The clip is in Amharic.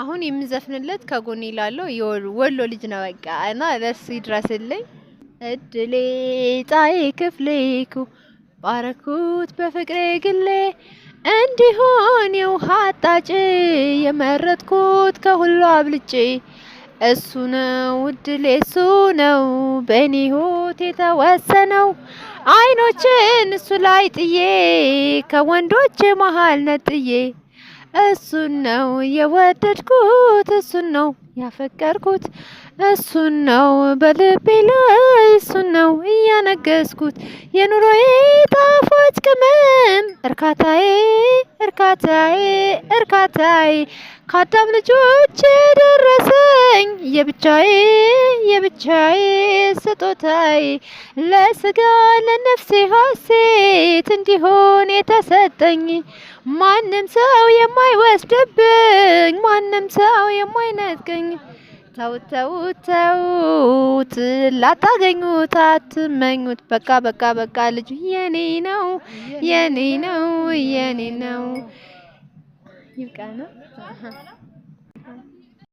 አሁን የምዘፍንለት ከጎኔ ላለው ወሎ ልጅ ነው። በቃ እና ለሱ ይድረስልኝ። እድሌ ጣይ ክፍሌኩ ባረኩት በፍቅሬ ግሌ እንዲሆን የውሃ አጣጭ የመረጥኩት ከሁሉ አብልጭ እሱ ነው እድሌ እሱ ነው በእኔ የተወሰነው አይኖችን እሱ ላይ ጥዬ ከወንዶች መሀል ነጥዬ እሱን ነው የወደድኩት፣ እሱን ነው ያፈቀርኩት፣ እሱን ነው በልቤ ላይ እሱን ነው እያነገስኩት የኑሮዬ ጣፋጭ ቅመም እርካታዬ እርካታዬ እርካታዬ ከአዳም ልጆች የደረሰኝ የብቻዬ የብቻዬ ስጦታይ ለስጋ ለነፍሴ ሀሴት እንዲሆን የተሰጠኝ ማንም ሰው የማይወስድብኝ ማንም ሰው የማይነጥቀኝ ተውት ተውት ተውት ላታገኙት አትመኙት። በቃ በቃ በቃ ልጁ የኔ ነው የኔ ነው የኔ ነው። ይብቃ ነው።